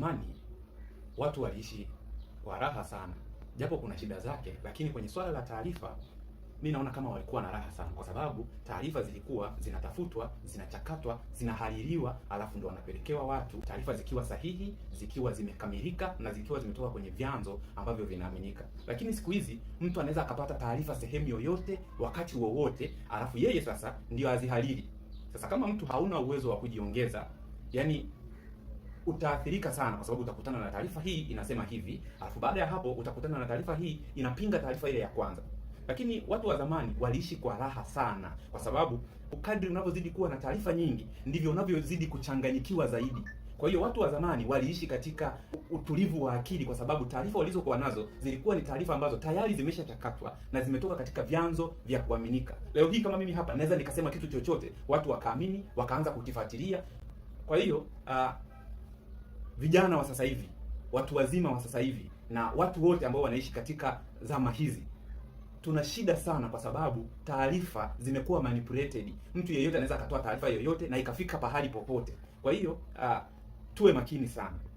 zamani watu waliishi kwa raha sana, japo kuna shida zake, lakini kwenye swala la taarifa mi naona kama walikuwa na raha sana, kwa sababu taarifa zilikuwa zinatafutwa, zinachakatwa, zinahaririwa, alafu ndo wanapelekewa watu, taarifa zikiwa sahihi, zikiwa zimekamilika na zikiwa zimetoka kwenye vyanzo ambavyo vinaaminika. Lakini siku hizi mtu anaweza akapata taarifa sehemu yoyote, wakati wowote, alafu yeye sasa ndio azihariri. Sasa kama mtu hauna uwezo wa kujiongeza, yani utaathirika sana, kwa sababu utakutana na taarifa hii inasema hivi, alafu baada ya hapo utakutana na taarifa hii inapinga taarifa ile ya kwanza. Lakini watu wa zamani waliishi kwa raha sana, kwa sababu kadri unavyozidi kuwa na taarifa nyingi ndivyo unavyozidi kuchanganyikiwa zaidi. Kwa hiyo watu wa zamani waliishi katika utulivu wa akili, kwa sababu taarifa walizokuwa nazo zilikuwa ni taarifa ambazo tayari zimeshachakatwa na zimetoka katika vyanzo vya kuaminika. Leo hii kama mimi hapa naweza nikasema kitu chochote, watu wakaamini, wakaanza kukifuatilia. Kwa hiyo uh, vijana wa sasa hivi, watu wazima wa sasa hivi na watu wote ambao wanaishi katika zama hizi tuna shida sana kwa sababu taarifa zimekuwa manipulated. Mtu yeyote anaweza akatoa taarifa yoyote na ikafika pahali popote. Kwa hiyo uh, tuwe makini sana.